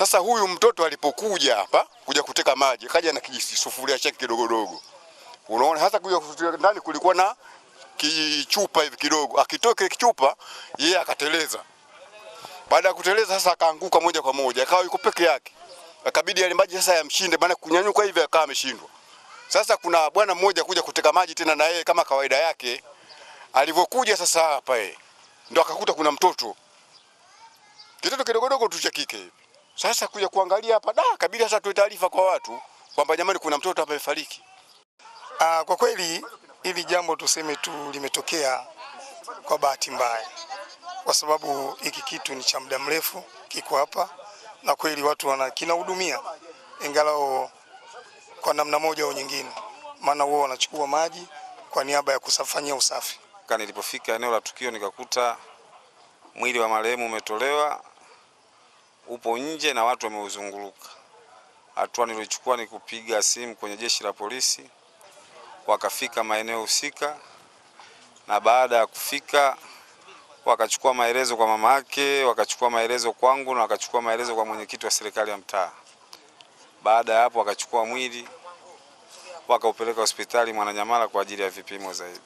Sasa huyu mtoto alipokuja hapa kuja kuteka maji kaja na kijisufuria chake kidogodogo, unaona hasa kuja ndani kulikuwa na kichupa hivi kidogo, akitoa kichupa yeye akateleza. Baada ya kuteleza sasa akaanguka moja kwa moja, akawa yuko peke yake, akabidi yale maji sasa yamshinde, maana kunyanyuka hivi akawa ameshindwa. Sasa kuna bwana mmoja kuja kuteka maji tena na yeye kama kawaida yake, alivyokuja sasa hapa yeye ndo akakuta kuna mtoto kitoto kidogodogo tu cha kike hivi sasa kuja kuangalia hapa da kabidi sasa tuwe taarifa kwa watu kwamba jamani, kuna mtoto hapa amefariki. Ah, kwa kweli hili jambo tuseme tu limetokea kwa bahati mbaya, kwa sababu hiki kitu ni cha muda mrefu kiko hapa, na kweli watu wana kinahudumia ingalao kwa namna moja au nyingine, maana wao wanachukua maji kwa niaba ya kusafanyia usafi. Nilipofika eneo la tukio nikakuta mwili wa marehemu umetolewa upo nje na watu wameuzunguluka. Hatua nilochukua ni kupiga simu kwenye jeshi la polisi, wakafika maeneo husika, na baada ya kufika wakachukua maelezo kwa mama yake, wakachukua maelezo kwangu na wakachukua maelezo kwa mwenyekiti wa serikali ya mtaa. Baada ya hapo, wakachukua mwili wakaupeleka hospitali Mwananyamala kwa ajili ya vipimo zaidi.